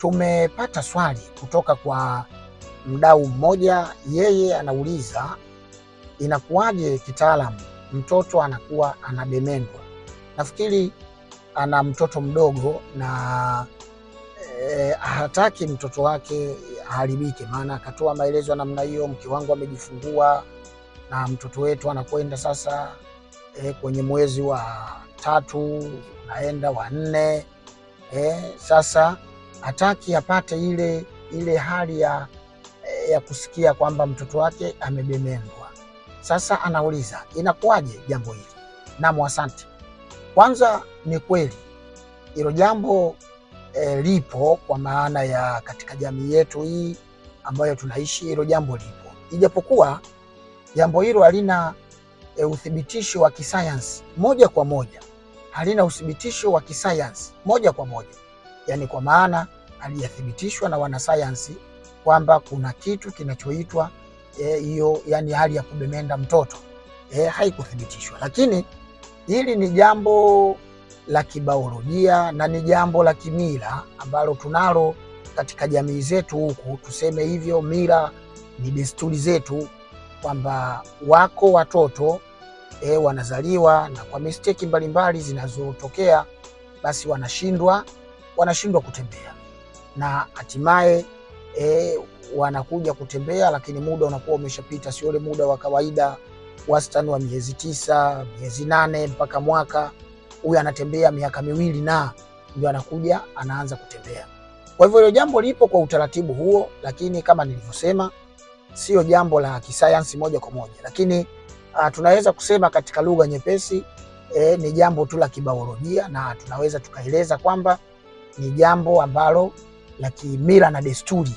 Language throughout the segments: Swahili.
Tumepata swali kutoka kwa mdau mmoja, yeye anauliza inakuwaje kitaalamu mtoto anakuwa anabemendwa? Nafikiri ana mtoto mdogo na e, hataki mtoto wake aharibike, maana akatoa maelezo ya namna hiyo, mke wangu amejifungua na mtoto wetu anakwenda sasa e, kwenye mwezi wa tatu, naenda wa nne e, sasa hataki apate ile ile hali ya, ya kusikia kwamba mtoto wake amebemengwa. Sasa anauliza inakuwaje jambo hili? Naam, asante. Kwanza ni kweli hilo jambo e, lipo kwa maana ya katika jamii yetu hii ambayo tunaishi, hilo jambo lipo, ijapokuwa jambo hilo halina e, uthibitisho wa kisayansi moja kwa moja, halina uthibitisho wa kisayansi moja kwa moja yani kwa maana aliyathibitishwa na wanasayansi kwamba kuna kitu kinachoitwa eh, hiyo e, yani hali ya kubemenda mtoto e, haikuthibitishwa, lakini hili ni jambo la kibaolojia na ni jambo la kimila ambalo tunalo katika jamii zetu huku, tuseme hivyo, mila ni desturi zetu, kwamba wako watoto e, wanazaliwa na kwa misteki mbalimbali zinazotokea basi wanashindwa wanashindwa kutembea na hatimaye e, wanakuja kutembea, lakini muda unakuwa umeshapita, sio ule muda wa kawaida wastani wa miezi tisa, miezi nane mpaka mwaka. Huyu anatembea miaka miwili na ndio anakuja anaanza kutembea. Kwa hivyo hilo jambo lipo kwa utaratibu huo, lakini kama nilivyosema, sio jambo la kisayansi moja kwa moja, lakini a, tunaweza kusema katika lugha nyepesi e, ni jambo tu la kibaolojia na tunaweza tukaeleza kwamba ni jambo ambalo la kimila na desturi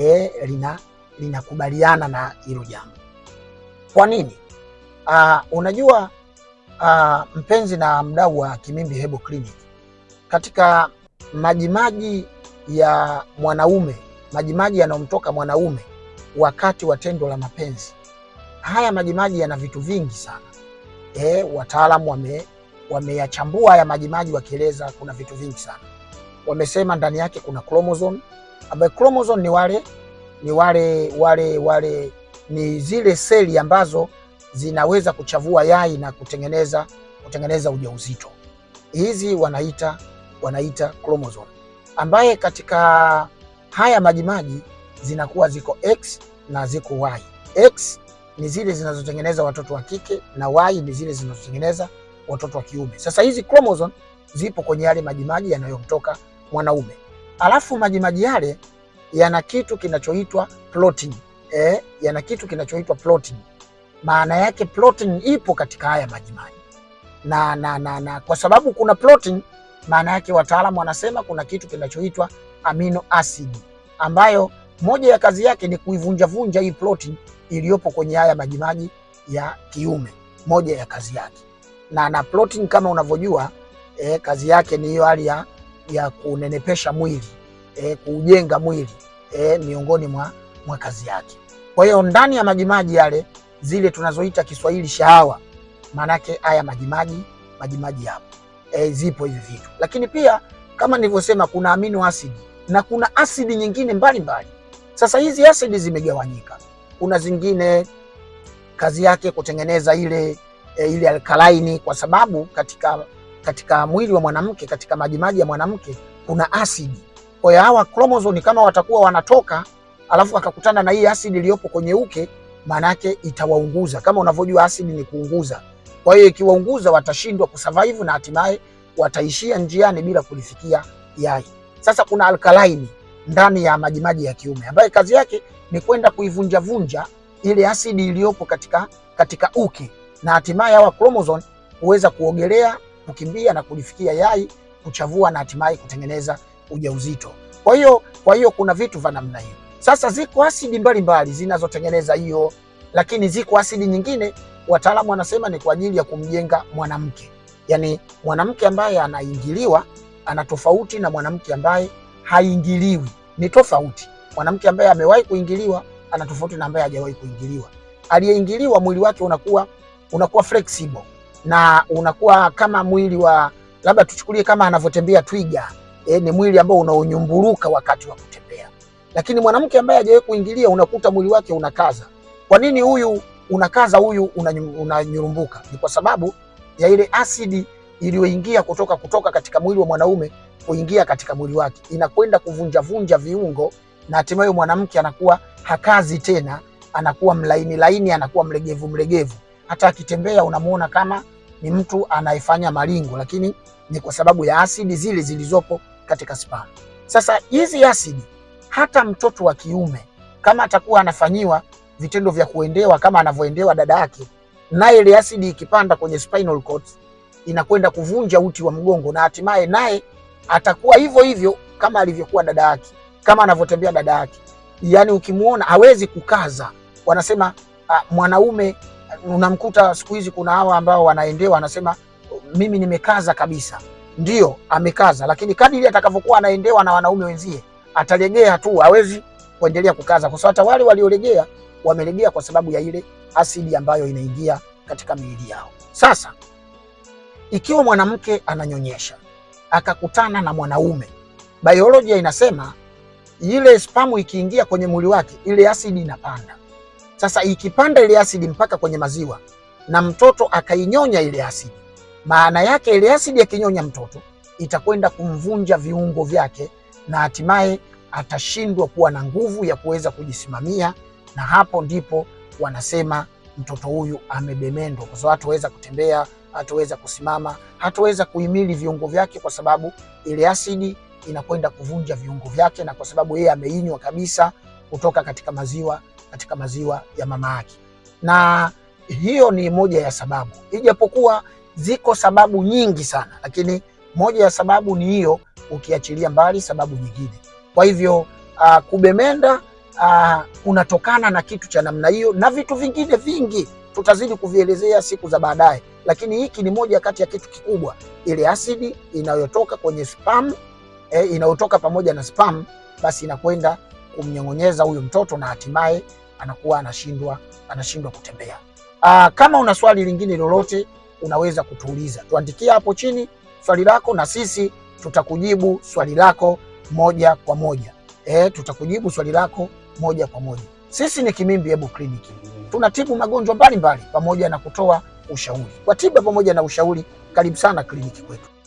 e, lina linakubaliana na hilo jambo. Kwa nini? Aa, ah, unajua aa, ah, mpenzi na mdau wa Kimimbi Hebo Clinic, katika majimaji ya mwanaume, majimaji yanayomtoka mwanaume wakati wa tendo la mapenzi, haya majimaji yana vitu vingi sana e, wataalamu wame wameyachambua haya majimaji wakieleza kuna vitu vingi sana wamesema ndani yake kuna chromosome ambayo chromosome ni wale ni wale wale wale ni zile seli ambazo zinaweza kuchavua yai na kutengeneza kutengeneza ujauzito. Hizi wanaita wanaita chromosome, ambaye katika haya majimaji zinakuwa ziko X na ziko Y. X ni zile zinazotengeneza watoto wa kike na Y ni zile zinazotengeneza watoto wa kiume. Sasa hizi chromosome zipo kwenye yale majimaji yanayomtoka mwanaume. Alafu majimaji yale yana kitu kinachoitwa protein. Eh, yana kitu kinachoitwa protein. Maana yake protein ipo katika haya majimaji na, na, na, na kwa sababu kuna protein, maana yake wataalamu wanasema kuna kitu kinachoitwa amino acid ambayo moja ya kazi yake ni kuivunjavunja hii protein iliyopo kwenye haya majimaji ya kiume, moja ya kazi yake na na protein kama unavyojua eh, kazi yake ni hiyo hali ya ya kunenepesha mwili e, kuujenga mwili e, miongoni mwa, mwa kazi yake. Kwa hiyo ndani ya majimaji yale zile tunazoita Kiswahili shahawa, maanake haya majimaji majimaji hapo e, zipo hivi vitu, lakini pia kama nilivyosema kuna amino asidi na kuna asidi nyingine mbalimbali mbali. Sasa hizi asidi zimegawanyika, kuna zingine kazi yake kutengeneza ile, e, ile alkalaini kwa sababu katika katika mwili wa mwanamke, katika majimaji ya mwanamke kuna asidi. Kwa hiyo hawa kromozoni kama watakuwa wanatoka alafu akakutana na hii asidi iliyopo kwenye uke, manake itawaunguza. Kama unavyojua asidi ni kuunguza. Kwa hiyo ikiwaunguza, watashindwa kusurvive na hatimaye wataishia njiani bila kulifikia yai. Sasa kuna alkaline ndani ya majimaji ya kiume ambayo kazi yake ni kwenda kuivunjavunja ile asidi iliyopo katika, katika uke na hatimaye hawa chromosome huweza kuogelea kukimbia na kulifikia yai, kuchavua na hatimaye kutengeneza ujauzito. Kwa hiyo kwa hiyo kuna vitu vya namna hiyo. Sasa ziko asidi mbalimbali zinazotengeneza hiyo, lakini ziko asidi nyingine wataalamu wanasema ni kwa ajili ya kumjenga mwanamke, yaani mwanamke ambaye anaingiliwa ana tofauti na mwanamke ambaye haingiliwi, ni tofauti. Mwanamke ambaye amewahi kuingiliwa ana tofauti na ambaye hajawahi kuingiliwa. Aliyeingiliwa mwili wake unakuwa unakuwa flexible na unakuwa kama mwili wa labda tuchukulie kama anavyotembea twiga e, ni mwili ambao unaonyumburuka wakati wa kutembea. Lakini mwanamke ambaye hajawahi kuingilia unakuta mwili wake unakaza. Kwa nini huyu unakaza, huyu unanyurumbuka? Ni kwa sababu ya ile asidi iliyoingia kutoka kutoka katika mwili wa mwanaume kuingia katika mwili wake, inakwenda kuvunja vunja viungo na hatimaye mwanamke anakuwa hakazi tena, anakuwa mlaini laini, anakuwa mlegevu mlegevu hata akitembea unamuona kama ni mtu anayefanya malingo, lakini ni kwa sababu ya asidi zile zilizopo katika spamu. Sasa hizi asidi, hata mtoto wa kiume kama atakuwa anafanyiwa vitendo vya kuendewa kama anavyoendewa dada yake, naye ile asidi ikipanda kwenye spinal cord inakwenda kuvunja uti wa mgongo, na hatimaye naye atakuwa hivyo hivyo kama alivyokuwa dada yake, kama anavyotembea dada yake. Yani ukimuona hawezi kukaza, wanasema a, ah, mwanaume unamkuta siku hizi kuna hawa ambao wanaendewa, anasema mimi nimekaza kabisa. Ndio amekaza, lakini kadiri atakavyokuwa anaendewa na wanaume wenzie atalegea tu, hawezi kuendelea kukaza, kwa sababu hata wale waliolegea wamelegea kwa sababu ya ile asidi ambayo inaingia katika miili yao. Sasa ikiwa mwanamke ananyonyesha akakutana na mwanaume, biolojia inasema ile spamu ikiingia kwenye mwili wake ile asidi inapanda sasa ikipanda ile asidi mpaka kwenye maziwa na mtoto akainyonya ile asidi, maana yake ile asidi akinyonya mtoto itakwenda kumvunja viungo vyake na hatimaye atashindwa kuwa na nguvu ya kuweza kujisimamia, na hapo ndipo wanasema mtoto huyu amebemendwa, kwa sababu hataweza kutembea, hataweza kusimama, hataweza kuhimili viungo vyake, kwa sababu ile asidi inakwenda kuvunja viungo vyake, na kwa sababu yeye ameinywa kabisa kutoka katika maziwa katika maziwa ya mama yake, na hiyo ni moja ya sababu, ijapokuwa ziko sababu nyingi sana, lakini moja ya sababu ni hiyo, ukiachilia mbali sababu nyingine. Kwa hivyo uh, kubemenda uh, na kitu cha namna hiyo na vitu vingine vingi tutazidi kuvielezea siku za baadaye, lakini hiki ni moja kati ya kitu kikubwa, ile asidi inayotoka kwenye spam eh, inayotoka pamoja na spam basi inakwenda kumnyong'onyeza huyu mtoto na hatimaye anakuwa anashindwa anashindwa kutembea. Aa, ah, kama una swali lingine lolote unaweza kutuuliza, tuandikia hapo chini swali lako na sisi tutakujibu swali lako moja kwa moja. E, tutakujibu swali lako moja kwa moja. Sisi ni Kimimbi Herbal Clinic, tunatibu magonjwa mbalimbali pamoja na kutoa ushauri kwa tiba pamoja na ushauri. Karibu sana kliniki kwetu.